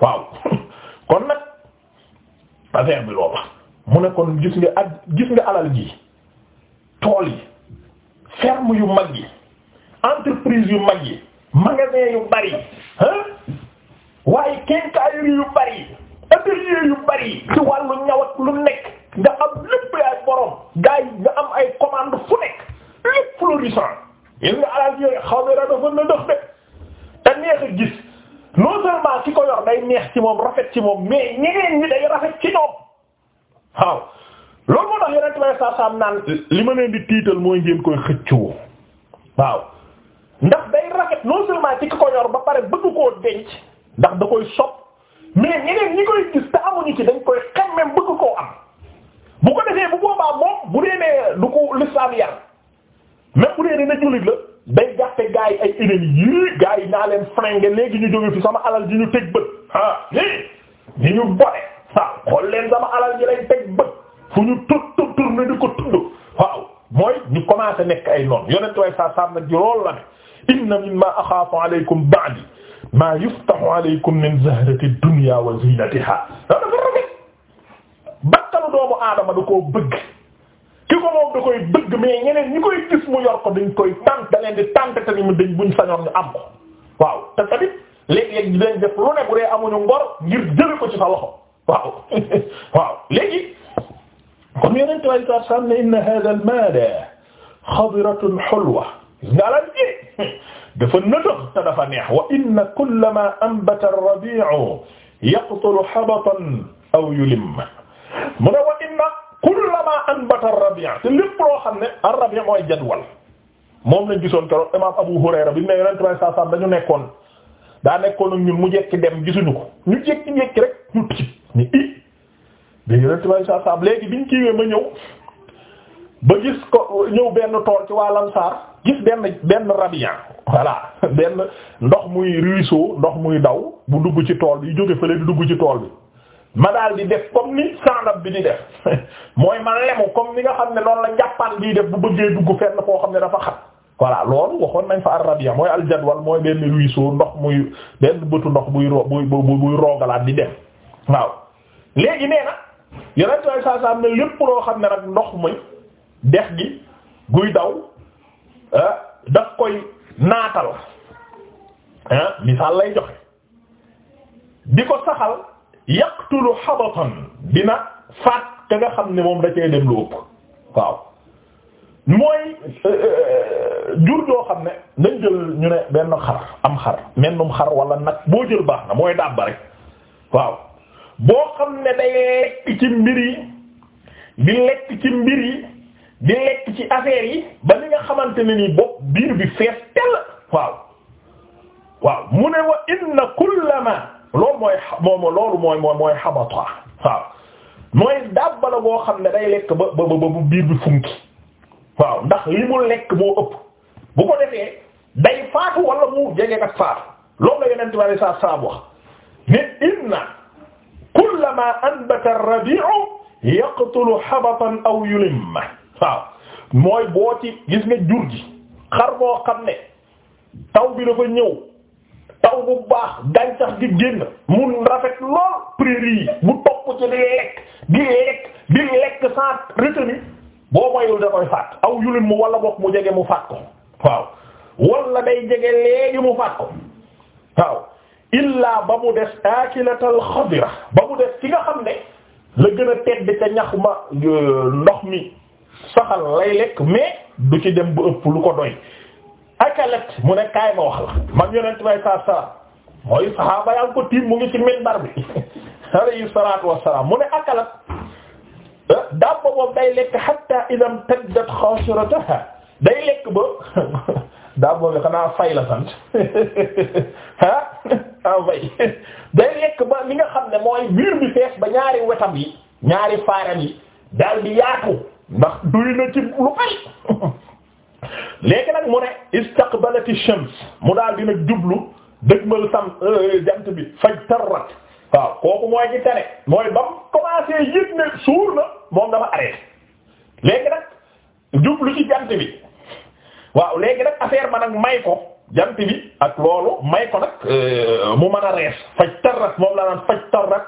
waaw kon nag affaire bi loolu mu ne kon gis nga ak gis nga alal ji tool yi ferme yu mag yi entreprise yu mag yi magasin yu bari ah waaye quincaillerie yu bari atelier yu bari ci wàllu ñawat lu nekk nga am lépp ay borom gars yi nga am ay commande fu nekk lépp florissant yéen nga alal ji xaw na dafa na dox de te neex gis non seulement ki ko yor day neex ci moom rafet ci moom mais ñeneen ñi day rafet ci ñoom waaw loolu moo tax yonent way sa naan li ma leen di tiital mooy ngeen koy xëccoo waaw ndax day rafet non seulement ci ki ko yor ba pare bëgg koo denc ndax da koy sopp mais ñeneen ñi koy gis te amuñu ci dañ koy xemmem bëgg koo am bu ko defee bu boobaa moom bu dee du ko l'islam yar même bu dee dina jullit la day gàtte gaa yi ay ennemis yii gaa yi naa leen fringuer léegi ñu jóge fi sama alal ji ñu teg bët ah lii ni ñu bone waaw xool leen sama alal ji lañ teg bët fu ñu tut tut tur ne di ko tudd waaw mooy ñu commencé nekk ay noon yonent way sa sam nag ji la ne inna mimma axaafu alaykum ba'di maa yuftahu alaykum min zahrati dunya wa zinatiha doomu aadama da koo bëgg ki ko moom da koy bëgg mais ñeneen ñi koy gis mu yor ko dañ koy tànn da leen di tànn te ni mu dañ buñ sañoon ñu am ko waaw te tamit léeg-léeg di leen def lu ne bu dee amuñu ngor ngir ko ci sa loxo waaw waaw léegi kon yeneen tubaab yi saa saa ne inna hadha al-mal xadiratun hulwa ngalaat ji dafa nëtëx te dafa neex wa inna kullama anbata ar-rabi'u yaqtulu habatan aw yulim mu ne wa inna kullama anbata ar-rabi' te lépp loo xam ne ar-rabi' mooy jadwal moom lañ gisoon keroog imaam Abu Hurayra bi ne Yonent bi saa saam dañu nekkoon daa nekkoon ak ñun mu jekki dem gisuñu ko ñu jekki jekki rek ñu tiit ni i da Yonent bi léegi biñ kiiwee ma ñëw ba gis ko ñëw benn tool ci waa Ansaar gis benn benn rabian voilà benn ndox muy ruisseau ndox muy daw bu dugg ci tool bi jóge fële di dugg ci tool bi ma daal di def comme ni sandab bi di def mooy ma lemu comme ni nga xam ne noonu la njàppaan bii def bu bëggee dugg fenn foo xam ne dafa xat voilà loolu waxoon nañ fa arabia mooy aljadwal mooy benn ruisseau ndox muy benn bëtu ndox buy buy buy roogalaat di dem na am ne lépp xam ne nag ndox muy dex gi guy daw ah, daf koy naatal ah misaal lay joxe di ko saxal. yaqtulu xabatan dina faat ka nga xam ne moom da cee dem lu ëpp waaw mooy euh, jur joo xam ne nañ jël ñu ne benn xar am xar mennum xar wala nag boo jël baax na mooy dàbba rek waaw boo xam ne day lekk ci mbir yi di lekk ci mbir yi di lekk ci affaire yi ba li nga xamante ni bopp biir bi fees tell waaw waaw mu ne wa inna kullama lool mooy moom loolu mooy mooy mooy xabata waaw mooy dabba la boo xam ne day lekk ba ba ba bu bi funki waaw ndax li mu lekk moo ëpp bu ko defee day faatu wala mu jege ak faatu loolu la yonent bi alayhi salaam wax ne inna kullama anbata ar-rabi'u yaqtulu aw yulimma mooy boo ci gis nga jur gi xar boo xam ne taw bi dafa ñëw taw bu baax gàncax gi génn mun rafet lool prairie yi bu topp ci di lekk di lekk di lekk sans retenue boo mayul da koy faat aw yulim mu wala bokk mu jege mu faat ko waaw wala day jege léegi mu faat ko waaw illaa ba mu des akilatal xadira ba mu des ci nga xam ne la gën a tedd ca ñax ma euh, ndox mi saxal lay lekk mais du ci dem bu ëpp lu ko doy akalat mu ne kaay ma wax la man yonent bay saa mooy saxaaba yaa ngi ko tiim mu ngi ci minbar bi alayhi salaatu wassalaam mu ne akalat eh, daab ba boobu day lekk hatta idam taddat xasirataha day lekk ba daab boobu xanaa fay la sant ah en fay day lekk ba li nga xam ne mooy biir bi fees ba ñaari wetam yi ñaari faaram yi daal di yaatu ndax duy na ci lu fay léegi nag mu ne istaqbalati shams mu daal dina jublu dëgmal sam euh, jant bi fajtarrat waaw kooku mooy ci tere mooy ba mu commencé ne suur na moom dama arrêté léegi nag jublu ci jant bi waaw léegi nag affaire ba nag may ko jant bi ak loolu may ko nag euh, mu mën a rees fajtarrat moom la naan fajtarrat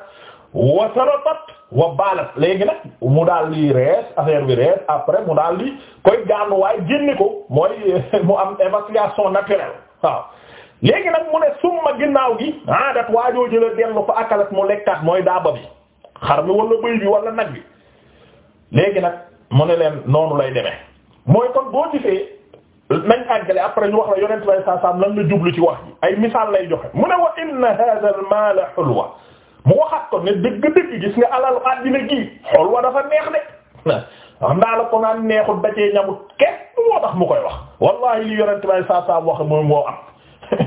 wa saratat wa balat léegi nag mu daal di rees affaire bi rees après mu daal di koy gaanuwaay génne ko mooy mu am évacuation naturelle waaw léegi nag mu ne summa ginnaaw gi aadat waajoo jëla dellu ko akalat mu lekkat mooy daaba bi xar mi wala bëy bi wala nag bi léegi nag mu ne leen noonu lay demee mooy kon boo gisee nañ àggale après ñu wax la yonent lay saa saam lan la jublu ci wax ji ay misaal lay joxe mu ne wa inna hadha al mala mu waxaat ko ne dëgg-dëgg gis nga alalu àddina gi xool wa dafa neex de xam naa la da cee ñamut kenn moo mu koy wax wallahi li yonent bay saa saa wax moom moo am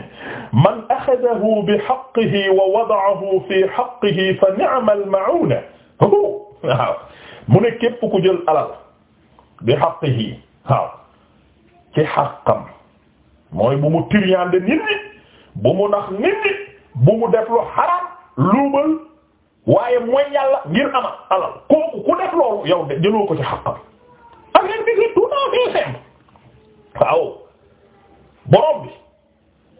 man axadahu bi haqqihi wa fi haqqihi fa ni'ma al-ma'una mu ne képp ku jël alal bi haqqihi waaw ci xaqam mooy bu mu tiriyande nit ñi bu mu nax bu mu def lu xaraam luubal waaye mooy yàlla ngir amal alal kooku ku def loolu yow de jëloo ko ci xàqam affaire bi c'est tout à fait simple waaw borom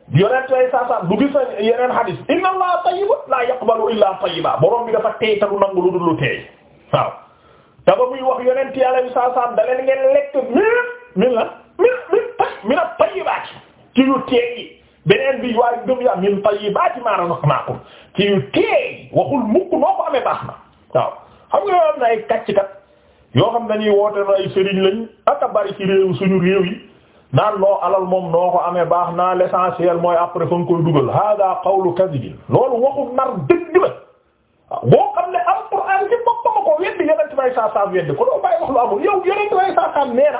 bi yonent lay saasaan du gis na yeneen xadis inna allaha tayyibun la yaqbalu illa tayyiba borom bi dafa teey ta du nangu lu dul lu teey waaw te ba yonent yàlla bi saasaan da ngeen lekk min min la min ci yu teey beneen bi waaye gëm ya min tayyibaati maa razaqnaakum ci yu teey waxul mukk noo ko amee baax na waaw xam nga yoo am na ay kàccikat yoo xam dañuy woote na ay sëriñ lañ aka bari ci réew suñu réew naan loo alal moom noo ko amee baax naa l'essentiel mooy après fa nga koy dugal hada qawlu kadibin loolu waxul nar dëgg la boo xam ne alxuraan ci boppam ko weddi yeneen bay saasaam weddi ko doo bàyyi wax lu amul yow yeneen bay saasaam nee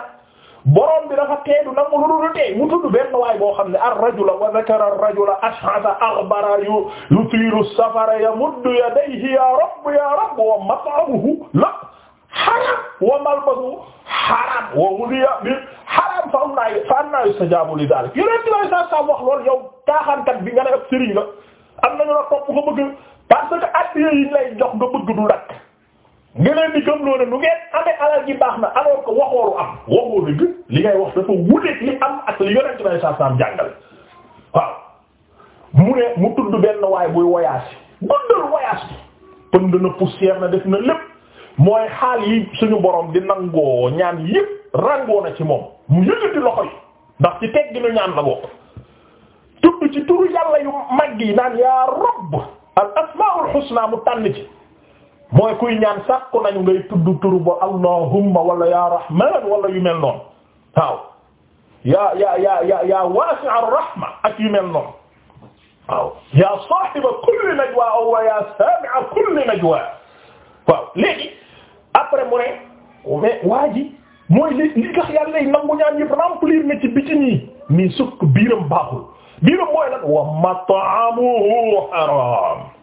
borom bi dafa teedu nangu lu dul tey mu tudd benn waay boo xam ne ar-rajula wa dhakara ar-rajula ash'atha aghbara yutiru as-safara yamuddu yadayhi rabb ya rabb wa mat'amuhu la haram wa malbasuhu haram wa ghudhiya bil haram fa anna yustajabu li dhalik yonent bi sa sa wax lool yow taaxaankat bi nga ne ab sëriñ la am nañu la topp nga bëgg parce que addiya yi lay jox nga bëgg du nga leen di gëmloo ne nu ngeen amee alal ji baax na alors que waxoolu am waxoo dëgg li ngay wax dafa wuteek li am ak li yonent bi saa saam jàngale waaw mu ne mu tudd benn waay buy voyage dundal voyage bi pënd na poussière na def na lépp mooy xaal yi suñu boroom di nangoo ñaan yépp rangoo na ci moom mu yëkkati loxo yi ndax ci teg gi nu ñaan la tudd ci turu yàlla yu mag yi naan yaa rabb al asmaul husna mu tànn ci mooy kuy ñaan sàkku nañu ngay tudd turu ba wala ya rahman wala yu mel noonu waaw ya ya ya ya ya wasi' ak yu mel noonu waaw ya sahiba kulli najwa wa ya sami'a kulli najwa waaw léegi après mu ne mais mooy li li tax yàlla yi nangu ñaan yëpp remplir na ci bitim yi mais sukk biiram baaxul biiram mooy lan wa mat'amuhu haram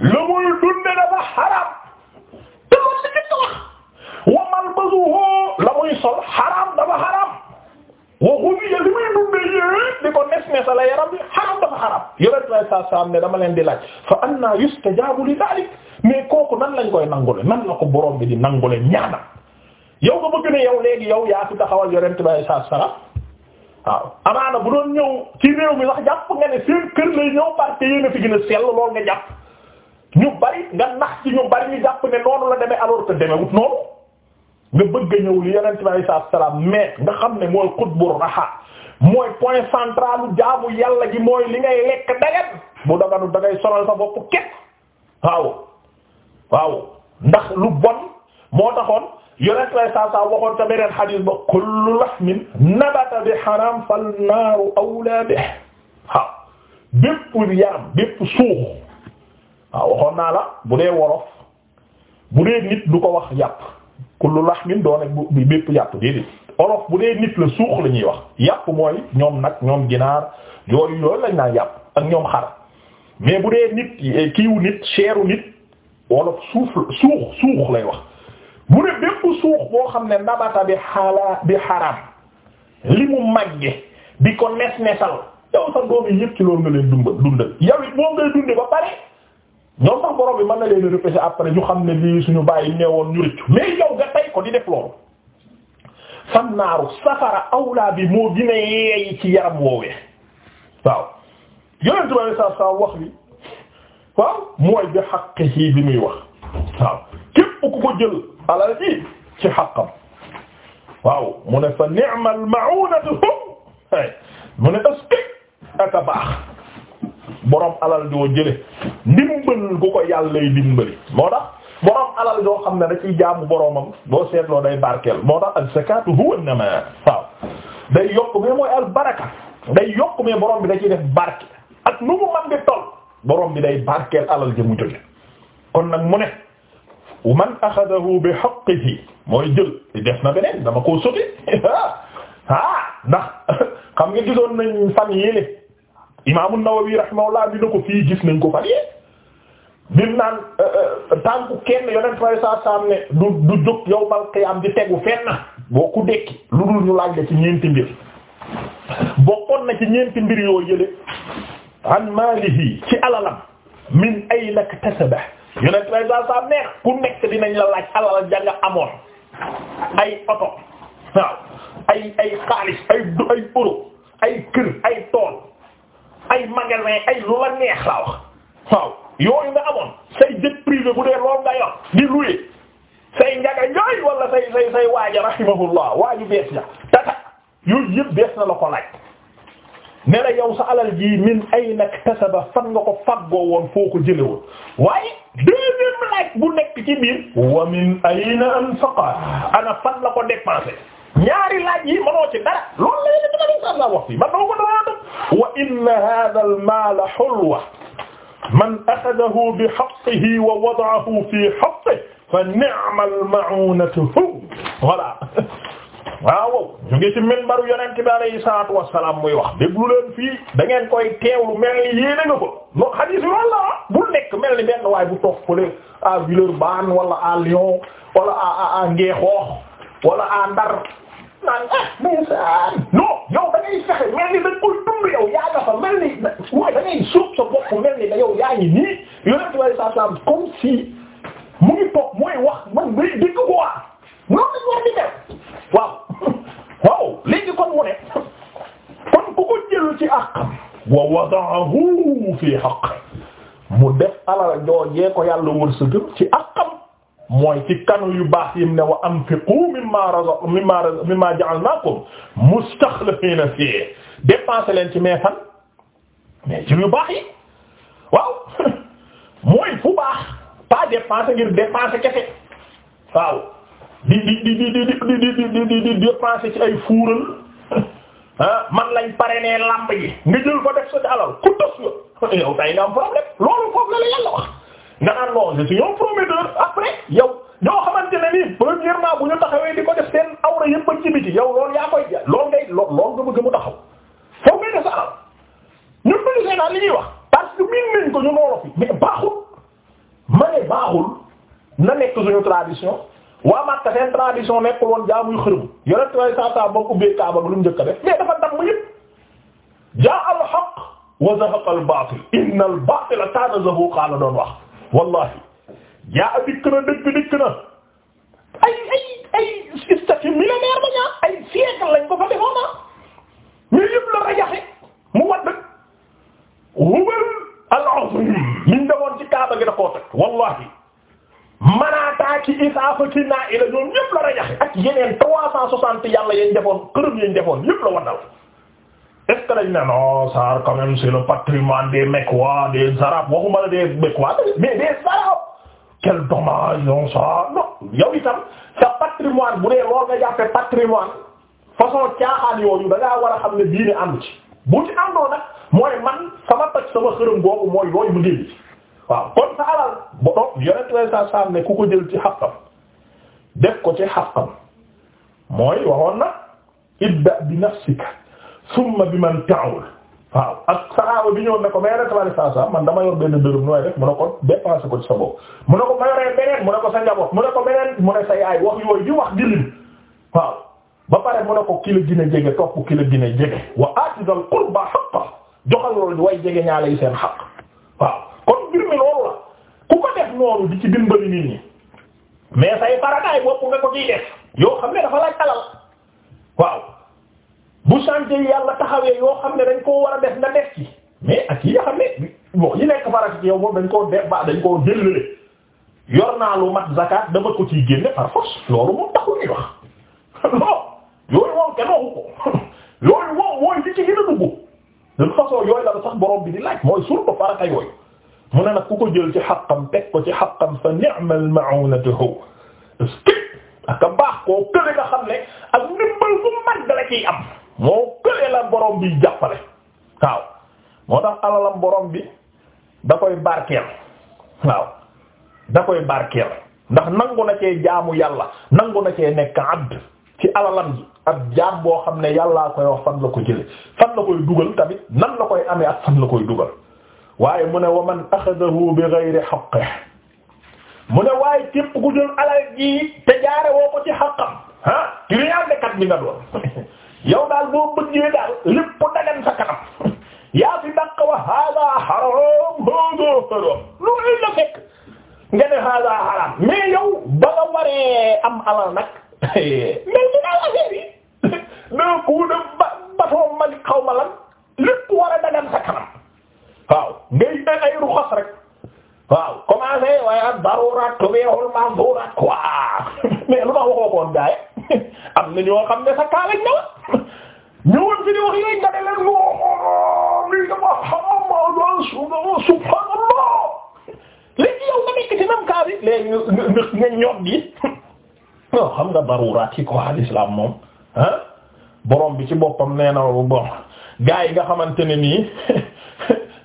la muy dunde dafa xaraam te loolu la jëkk wax sol xaraam dafa xaraam wa xudiya li muy dunde yépp di ko nes nesa la yaram bi xaraam dafa xaraam yorent lay saa saam ne dama leen di laaj fa anna yustajabu li dalik mais kooku nan lañ koy nangule nan la ko borom bi di nangule ñaana yow nga bëgg ne yow léegi yow yaa fi taxawal yorent lay saa saam waaw amaana bu doon ñëw ci réew mi sax jàpp nga ne seen kër lay ñëw parce que yéen fi gën a sell ñu bari nga nax ci ñu bari ñu jàpp ne noonu la demee alors que demewut noonu nga bëgg a ñëw li yonent bi alayhi salaatu salaam mais nga xam ne mooy xutbu raxa mooy point central jaamu yàlla ji mooy li ngay lekk dagat bu daganu da ngay sonal bopp képp waaw waaw ndax lu bon moo taxoon yonent bi alayhi salaatu waxoon ta beneen xadiis ba kullu lahmin nabata bi haram fal awlaa bihi waaw bépp yaram bépp suux waaw waxoon naa la bu dee wolof bu dee nit du ko wax yàpp kullu lahmin doone bu bépp yàpp déedéet wolof bu dee nit la suux la ñuy wax yàpp mooy ñoom nag ñoom ginaar yooyu yooyu lañ naa yàpp ak ñoom xar mais bu dee nit eh, kiiwu nit cheru nit wolof suuf suux suux lay wax bu dee bépp suux boo xam ne nabata bi xaalaa bi xaram li mu magge di ko nes nesal yow sa doom yi yëpp ci loolu nga leen dundal dundal yow ngay dunde ba pare ñoom sax borom bi mën na leen a repêcher après ñu xam ne lii suñu bàyyi neewoon ñu rëccu mais yow nga tey ko di def safara awlaa bi moo gën a ci yaram woowee waaw yonentu bi alei satu salaam wax li waaw mooy bi xaqihi bi muy wax waaw képp ku ko jël alal ji xaqam waaw mu ne fa ni'mal ma'unatuhum mu ne aski aka baax borom alal joo jële ndimbal ku ko yàllay dimbali moo tax borom alal joo xam ne da ciy jaamu boromam boo loo day barkeel moo tax al zakatu huwa nama day yokk mais mooy al baraka day yokk mais borom bi da def barke ak nu mu man di toll borom bi day barkeel alal ja mu jóge kon nag mu ne man axadahu bi haqqihi mooy jël def na beneen dama koo sotti ah ndax xam nga gisoon nañ fan yéele imaamu Nawawi rahimahullah dina ko fii gis nañ ko fan yee bim naan euh, euh, tànku kenn yonent fay saa saa ne du du jóg yawmal qiyaam di tegu fenn boo ku dekki lu dul ñu laaj la ci ñeenti mbir bokkoon na ci ñeenti mbir yoo yële an maalihi ci alalam min ayna iktasaba yonent fay saa saa neex ku nekk dinañ la laaj alal janga amoon ay oto waaw ay ay xaalis ay ay euro ay kër ay tool ay magasin ay lu la neex laa wax yooyu nga amoon say jet privé bu dee loolu nga yor di louer say njaga yooyu wala say say say waaja rahimahullah waaju bees na tata yooyu yëpp la ko laaj ne yow sa alal ji min ayna iktasaba fan nga ko faggoo woon foo ko jële woon waaye deuxième laaj bu nekk ci biir wa min ayna anfaqa ana fan la ko dépensé ñaari laaj yi mënoo ci dara loolu la yéen a demee saa saa wax fii man dama ko doon def. wa inna hadha al-maala hulwa man akhadahu bi haqqihi wa wada'ahu fi haqqihi fa ni'ma al-ma'unatu voilà waaw ñu ngi ci minbaru yonent bi alayhi salaatu wa salaam muy wax déglu leen fii da ngeen koy teewlu mel ni yéene nga ko non xadiis loolu la ah. bu nekk mel ni benn waay bu toog fële à Villeurbanne wala à Lyon wala à à à Ngéxoox wala à ndar naan ah mais ça non yow da ngay fexe mel ni dañ koy dund yow yaa nga fa mel ni waaye da ngay suuf sa bopp mel ni da yow yaa ngi nii yonent bi sallallahu alayhi wasallam si mu ngi toog wax man bay dégg ko waa noonu lañ war di def waaw waaw léegi kon mu ne kon ku ko jël ci àqam wa wada'ahu fi haqq mu def alal joojee ko yàlla wërsëgal ci àqam mooy ci kanu yu baax yim ne wa anfiqu mimma razaq mimma mimma ja'alnakum a fihi dépenser leen ci mais fan mais ci yu baax yi waaw mooy fu baax pas dépenser ngir dépenser kese waaw di di di di di di di di dépenser ci ay fuural ah man lañ parrainé lamb yi di jël ko def sa alal ku tos nga yow tay am problème loolu foofu la la wax. nga naan non je suis un prometteur après yow ñoo xamante ne nii premièrement bu ñu taxawee di ko def seen awra yëpp a ci yow loolu yaa koy loolu ngay lool loolu nga bëgg mu taxaw foog ngay def sa alal ñun duñu seenaan li ñuy wax parce que miin ko ñu noolo fi baaxul ma baaxul na nekk suñu tradition waa Makka seen tradition nekkul woon jaamuy xërëm yore tuwaay saa saa ba ubbee Kaaba lu mu njëkk a def mais dafa dam yëpp jaa al wa zahaqa al baatil doon wax wallahi jaa dikk na dëgg dikk na ay ay ay statut millénaire ba ñaa ay siècle lañ ko fa defoona ah. ñu yëpp la rajaxe mu wadd hubal al-azim miñ demoon ci kaaba gi da koo teg wallahi manaataa ki isaafa ki naa ila ñoom ñëpp la rajaxe ak yeneen trois cent soixante yàlla yañ defoon këram yen defoon yëpp la waddal est-ce que dañ ne non Saar quand même c'est le patrimoine des Mecquois des Arabes waxuma la des Mecquois mais des Arabes quel dommage non ça non yow itam sa patrimoine bu dee lool nga jàppe patrimoine façon caaxaan yooyu da ngaa war a xam ne diine ànd bu ci àndoo nag mooy man sama pàcc sama xërëm googu mooy yooyu mu dégg waaw kon sa alal ba doon yore sa saam ne ku ko ci xaqam mooy waxoon ibda bi nafsika summa bi man ta'ul waaw ak saxaaba bi ñëw ne ko mais yore tamit man dama yor benn dërëm nooy def mu ne ko dépensé ko ci sa bopp mu ne ko ma yoree beneen mu ne ko sa njaboot mu ne ko beneen mu ne sa yaay wax yooyu di wax di waaw ba pare mu a ko ki la gën a jege topp ki la gën a jege wa aati dal qurba haqqa joxal loolu way jege ñaale seen xaq waaw kon mbir loolu la ku ko def noonu di ci dimbali nit ñi mais say farataay bopp nga ko ciy def yoo xam ne dafa laaj bu chantier yàlla taxawee yoo xam ne dañ koo war a def nga def ci mais ak yi nga xam ne wax yi nekk farata ci yow moom dañ koo def ba dañ koo jëllale yor naa lu mat zakat dama ko ci génne par force loolu moom taxul ñuy wax non yooyu ci gën a dugg de toute façon yooyu la sax borom bi di laaj mooy surtout farata yooyu mu ne nag ku ko jël ci xaqam teg ko ci xaqam fa ni'mal ma'unatuhu ak a baax koo kële nga xam ne ak ndimbal bu mag la am. moo këlee la borom bi jàppale waaw moo tax alalam borom bi da koy barkeel waaw da koy barkeel ndax nangu na cee jaamu yàlla nangu na cee nekka abd ci alalam ji ab jaam boo xam ne yàllaa koy wax fan la ko jële fan la koy dugal tamit nan la koy amee ak fan la koy dugal waaye mu ne wa man axadahu bi ghayri haqqihi mu ne waaye képp ku jël alal ji te jaare woo ko ci xaqam ah ci réalité kat bi nga doon yow daal boo bëggee daal lépp dagan sa yaa fi dàq wa hada haram hada haram fekk nga ne haram mais yow ba nga am alal nag mel ni daal affaire yi da ko da batoo mag xaw ma lan lépp a dagan sa kanam waaw ngay ay ruxas rek waaw commencé waaye darurat tubeexul mandurat quoi mais lu ma waxoo am na ñoo xam ne sa kaa lañ ñëw ñëwoon fi di wax yéen nga ne leen non non lii dafa xamal subhaanallah léegi yow nga nekk ci même kaa bi léegi nga ñoog gi non xam nga daruraat yi ko l'islam moom ah borom bi ci boppam nee na bu bon gaa yi nga xamante ne nii.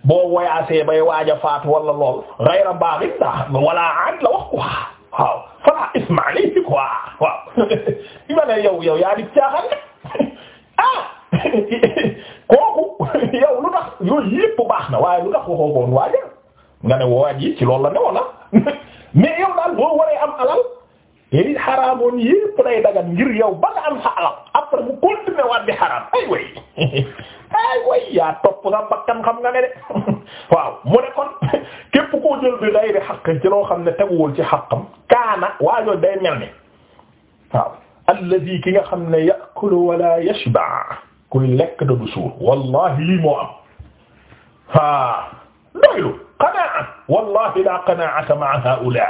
boo woyaasee bay waaj a faatu wala lool rayra baaxin daa wala aad la wax quoi waaw fala isma alayhi quoi waaw ma ne yow yow yaa di caaxaan ah! kooku yow lu tax yooyu yépp baax na waaye lu tax waxoo koon waaja nga ne waaj yi ci loolu la ne walla ah. mais yow boo waree am alal yi xaraamoon yépp day dagan ngir yow ba am sa alal après mu continuer waat di xaraam ay way ay way yaa topp nga bakkan xam nga ne de waaw mu ne kon képp koo jël bi day di xaq ci loo xam ne teguwul ci xaqam kaana waajoo day mel ni waaw alladi ki nga xam ne yakulu wala yashba kuy lekk da du suur wallahi lii moo am ha doylu qanaa wallahi la qanaata ma'a haula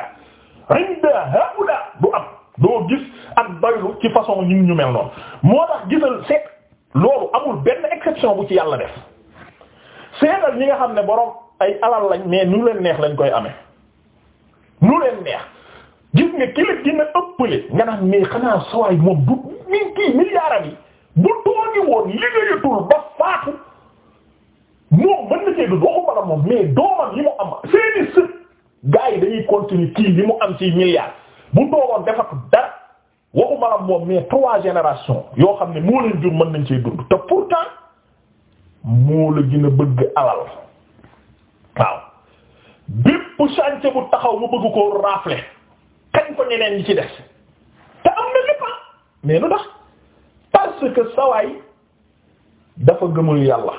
inda haula du am doo gis ak doylu ci façon ñun ñu mel noonu moo tax gisal seet loolu amul benn exception bu ci yàlla def seetal ñi nga xam ne borom ay alal lañ mais nu leen neex lañ koy amee nu leen neex gis nga kilif dina ëppale nga naan mais xanaa sawaay moom du min kii milliards yi bu toogi woon liggéeyatul ba faatu moom mën na cee du dooxu moom mais doomam yi mu am seeni sët gars dañuy continuer tii li mu am ci milliards bu doogoon defatu dara waxu moom mais trois générations yoo xam ne moo leen jur mën nañ cee dund te pourtant moo la gën a bëgg alal waaw bépp chantier bu taxaw mu bëgg koo rafler xañ ko ñeneen ñi ci def te am na lépp ah. mais lu tax parce que sawaay dafa gëmul yàlla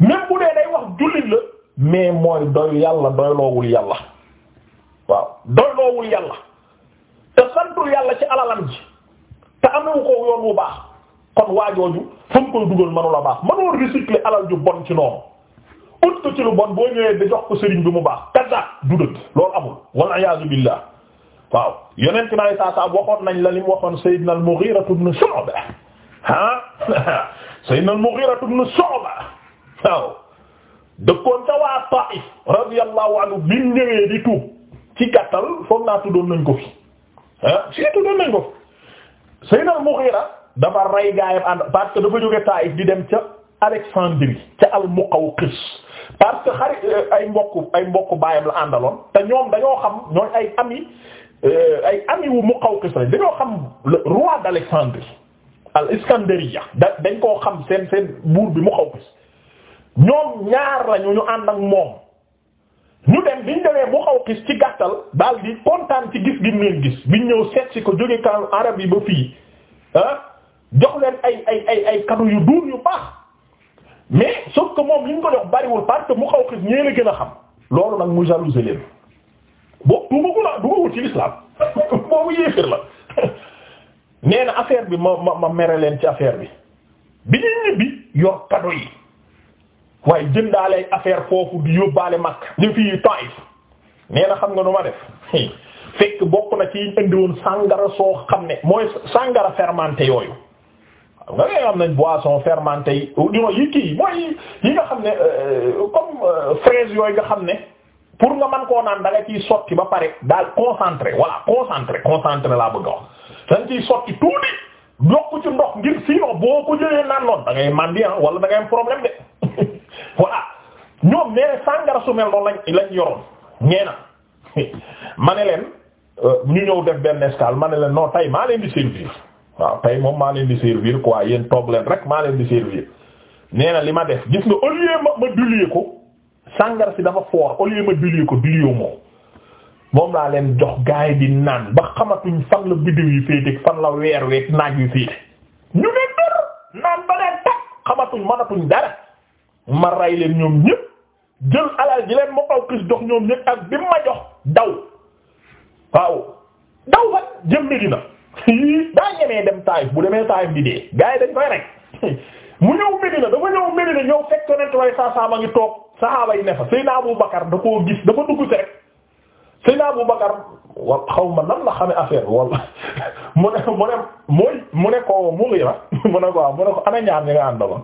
même bu dee day wax jullit la mais mooy doy yàlla doyloowul yàlla waaw doyloowul yàlla te santul yàlla ci alalam ji te amewu ko yoon wu baax kon waajooju fa mu koy dugal la baax manoo recycler alal ju bon ci noonu ut ci lu bon boo ñëwee da jox ko sëriñ bi mu baax kazaak du dëgg loolu amul wal iyaazu billah waaw yonent bi alayhi salaam waxoon nañ la li waxoon Sayyidina al-Mughira ibn Shu'ba ah Sayyidina al-Mughira ibn Shu'ba waaw dëkkoon ca waa Taif radiyallahu anhu bi mu ñëwee di tuub ci gàttal foog naa tuddoon nañ ko fi ah si tuddoon nañ ko fi Sayyidina al dafa rey gaayam ànd parce que dafa jóge Taif di dem ca Alexandrie ca al-Muqawqis parce que xarit ay mbokk ay mbokk baayam la àndaloon te ñoom dañoo xam ñooy ay ami Euh, ay ami wu Muqawqis lañ dañoo xam le roi d'Alexandrie al Iskandariya da dañ koo xam seen seen buur bi Muqawqis ñoom ñaar lañu ñu ànd ak moom ñu dem biñ demee Muqawqis ci gàttal daal di kontaan ci gis gi mu leen gis biñ ñëw seet si ko jóge kan arab yi ba fii ah jox leen ay ay ay ay kanu yu duur yu baax mais sauf que moom liñ ko jox bariwul parce que Muqawqis ñee la gën a xam loolu nag mu jalouse boo dugagu la dugagul ci lislaam boobu yéeféer la nee na affaire bi ma ma ma mere leen ci affaire bi bi ñuy ñibbi yor yi waaye jëndaale ay affaire foofu di yóbbaale mag ñu fi Taif nee xam nga nu ma def fekk bokk na ci indi woon sangara soo xam ne mooy sangara fermenté yooyu nga nga am nañ boisson fermenté yi non yi kii mooy yi nga xam ne euh, comme euh, fraise yooyu nga xam ne pour nga mën koo naan da nga ciy sotti ba pare daal concentré voilà concentré concentré laa bëgg a wax da nga ciy sotti tuuti yokk ci ndox ngir sinon boo ko jëlee naan noonu da ngay mandi ah wala da ngay de voilà ñoom nee na sàngara su mel noonu ma ne leen euh, ñu ñëw def benn escale ma ne leen non tey maa leen di servir waaw tey moom maa leen di servir quoi yéen toog leen rek maa leen di servir nee li ma def gis nga au ma ma dulier ko. sàngara si dafa foor au lieu ma dilué ko dilué moom moom laa leen jox gaay di naan ba xamatuñ fan la biddiw yi féete fan la weer week naaj yu féete ñu ne dër naan ba leen takk xamatuñ mënatuñ dara ma rey leen ñoom ñëpp jël alal ji leen ma kaw kis jox ñoom ñëpp ak bi ma jox daw waaw daw fa jëm Medina daa ñemee dem taayif bu demee taayif di dee gaay dañ koy rek mu ñëw Medina dafa ñëw Medina ñëw fekk yonent way saa saa ma ngi toog saxaaba yi ne fa Seydina Abu Bakar da koo gis dafa dugg rek Seydina Abu Bakar wa xaw ma nan la xame affaire wala mu ne mu ne mooy mu ne ko mu ngi ra mu ne ko waaw mu ne ko ana ñaar ñi nga àndaloon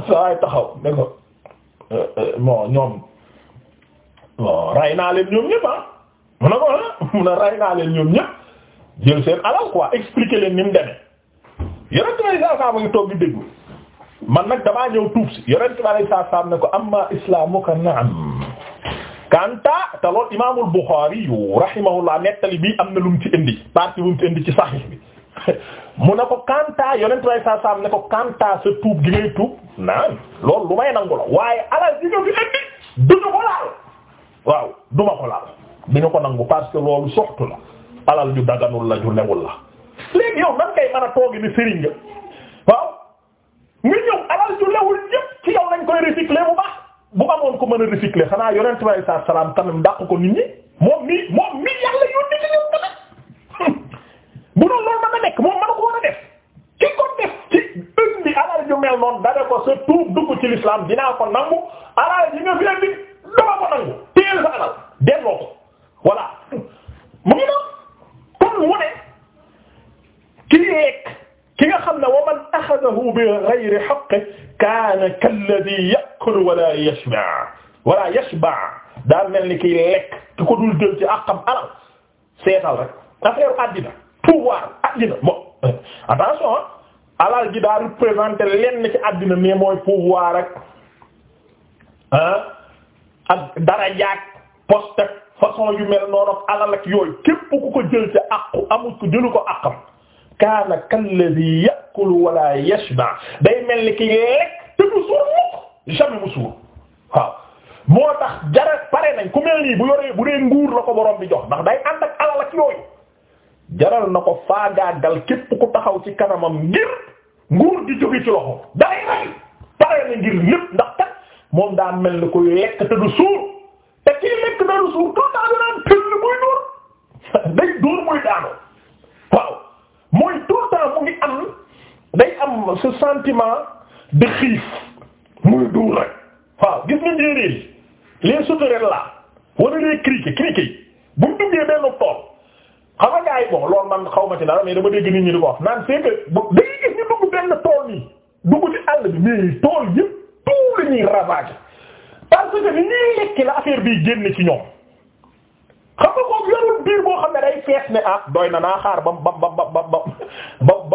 saa waay taxaw ne ko euh, euh, bon ñoom bon ray naa leen ñoom ñëpp ah mu ne ko ah mu ne ray naa leen ñoom ñëpp jël seen alal quoi expliquer leen ni mu demee. yonent bi saa saa ma ngi toog di déglu man nag damaa ñëw tuub si yonent bi saa saa ne ko amma islaamuka na'am kanta te lool imaamul Buxaari yu nettali bi am na lu mu ci indi partie bu mu ci indi ci Sahih bi mu ne ko kanta yonent bi saa saa ne ko kanta sa tuub gi ngay tuub naan loolu lu may nangu la waaye alal gi nga fi indi duñu ko laal waaw duma ko laal duñu ko nangu parce que loolu soxtu la alal ju daganul la ju newul la. léegi yow nan ngay mën a toogi ni sëriñ nga waaw nga ñëw alal ju lewul ci yow lañ koy recycler bu baax bu amoon ko mën a recycler xanaa yonent bi saa salaam tamit dàq ko nit ñi moom mii moom mii yàlla yónni ci ñoom tamit bu doon loolu mën a nekk moom mën a ko war a def ki ko def ci indi alal ju mel noonu dana ko sa tuub dugg ci l'islam dinaa ko nangu alal ji nga fi bi ghayri haqqi kaana kalladhi ya'kulu wala yashba' wala yashba' daa mel ni kiy ko dul jël ci àqam alal seetal rek affaire àddina pouvoir àddina bon attention alal ji daa représenté lenn ci àddina mooy pouvoir rek ah ak darajaak poste façon yu mel noonu ak alal ak ku ko jël ci àqu amul ko jëlu kaana kalladhi ya'kulu day mel ni ki tax jara nañ ku mel nii bu nguur la jox ndax day yooyu jaral na ko faagaagal képp ku taxaw ci kanamam ngir nguur di jóge ci loxo day ray pare ngir lépp ndax kat moom daa mel ni koy lekk te du suur te kii lekk te du suur toogaa bi naan tëll muy dóor day dóor muy daanoo waaw mooy tout le temps mu ngi am day am ce sentiment de xiif muy duur rek waaw gis nga njéeréer les sauterelles là wala les criquets criquets bu mu duggee benn tool xam nga gars man xaw ma ci dara mais dama dégg nit ñi di ko wax naan c'est bu da gis ñu dugg benn tool yi dugg ci àll bi mais tool yëpp tout la ñuy ravager parce que ñuy lekk la affaire bi génn ci ñoom. xam nga moom yorul biir boo xam ne day fees ne ah doy na naa xaar ba mu ba mu ba mu ba mu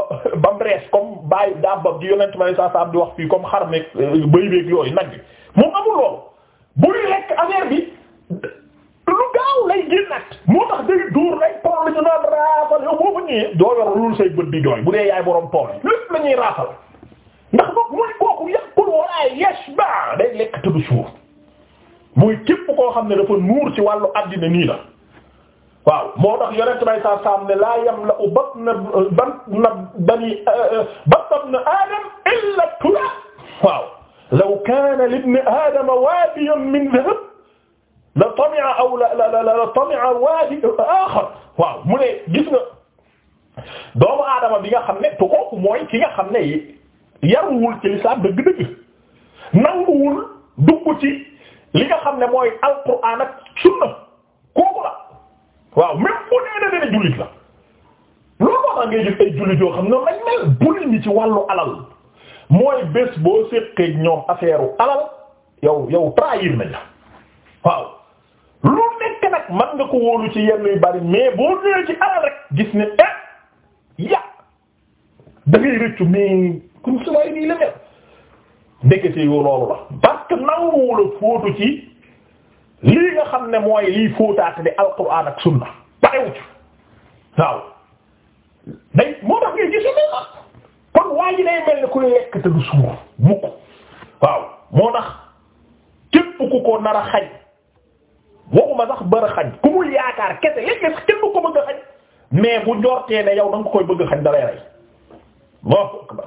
ba mu rees comme bàyyi daabam gi yonent ma ne saa saa di wax fii comme xar nekk euh, bëy beeg yooyu nag bi moom amul loolu buy lekk affaire bi lu gaaw lay génnaat moo tax day dóor lay tool ñu raafal yow boo ko ñëwee doo yor lul say bët bu dee yaay borom tool yi lépp day lekk te suur mooy képp koo xam ne dafa nuur ci wàllu àddina nii la. waaw moo tax yonent bay saa saam ne laa yam la u bat na ban na bani batam na adam illa tula waaw law kaana libni adama waadiyun min dhahab la tami'a aw la la la tami'a waadi axar waaw mu ne gis nga doomu aadama bi nga xam ne tu kooku mooy ki nga xam ne yaruwul ci lislaam dëgg-dëgg nanguwul dugg ci li nga xam ne mooy alquraan ak sunna waaw même bu dee da nga jullit la loolu moo tax ngay ay jullit yoo xam ne noonu lañ mel bul ni ci wàllu alal mooy bés boo seqee ñoom affaire alal yow yow trahir nañ la waaw. lu nekk nag mën nga ko wóolu ci yenn yu bari mais boo ñëwee ci alal rek gis ne eh ya da rëccu mais comme su ma nii la mel ndekete yoo loolu la parce que nanguwul a fóotu ci. lii nga xam ne mooy liy fóotaat bi alquran ak sunna parewu waaw day moo tax ngay gis mel na kon waa day mel ni kuy lekk te du suur mukk waaw moo tax képp ku ko nar a xaj waxuma sax bër a xaj ku mu yaakaar kese léegi kenn du ko bëgg a xaj mais bu njortee ne yow da koy bëgg a xaj da lay rey Allahu akbar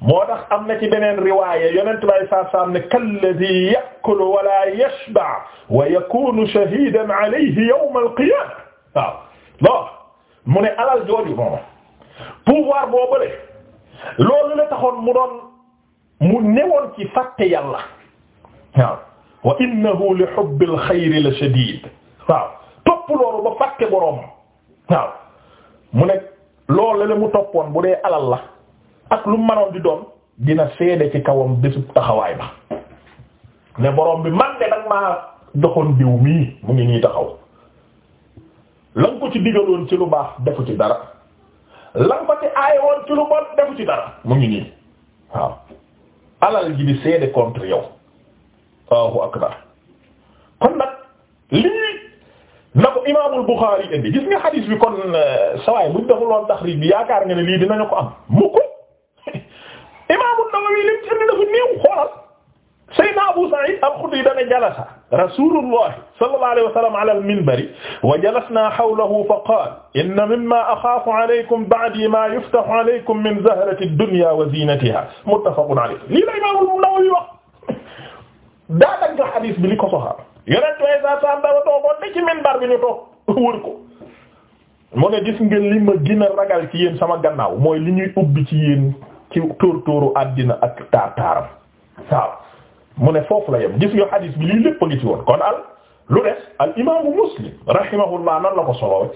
moo tax am na ci beneen riwaaya yonent bay saa saam ne kalladhi ka wa la yashba wa yakunu shahidan alayhi yawm al-qiyamah waaw bon mu ne alal jooju moom pouvoir boobale loolu la taxoon mu doon mu newoon ci fàtte yàlla waaw wa innahu li hubbil xayri la shadiid boroom waaw mu ne loolu mu toppoon bu dee alal la ak lu manoon di doon dina seede ci kawam bésub taxawaay ba ne borom bi man de nag maa joxoon diw mii mu ngi nii taxaw la nga ko ci digaloon ci lu baax defu ci dara la nga ko ci aayewoon ci lu bon defu ci dara mu ngi nii waaw alal ji di seede contre yow Allahu akbar kon nag lii na ko imaamul Buxaari indi gis nga xadiis bi kon euh, sawaay yaakaar nga ne lii dinañu ko am mu ko Nawawi lim ci dafa néew xoolal Sayyidina Abu Sa'id al-Khudri dana jalasa Rasulullah sallallahu alayhi wa sallam ala al-minbar wa jalasna hawlahu fa qala inna mimma akhafu alaykum ba'di ma yuftahu alaykum min zahrati ad-dunya wa zinatiha muttafaqun alayhi lii la Imam an-Nawawi wax daa dagg xadis bi li ko soxal yonent way sa san dara toogoon ne ci minbar bi ñu toog wër ko mu ne gis ngeen li ma gën a ragal ci yéen sama gannaaw mooy li ñuy ubbi ci yéen ci tóor tóoru àddina ak taar taaram waaw mu ne foofu la yem gis nga xadiis lii lépp a ngi ci woon kon al lu des al imaamu muslim rahimahullah nan la ko solo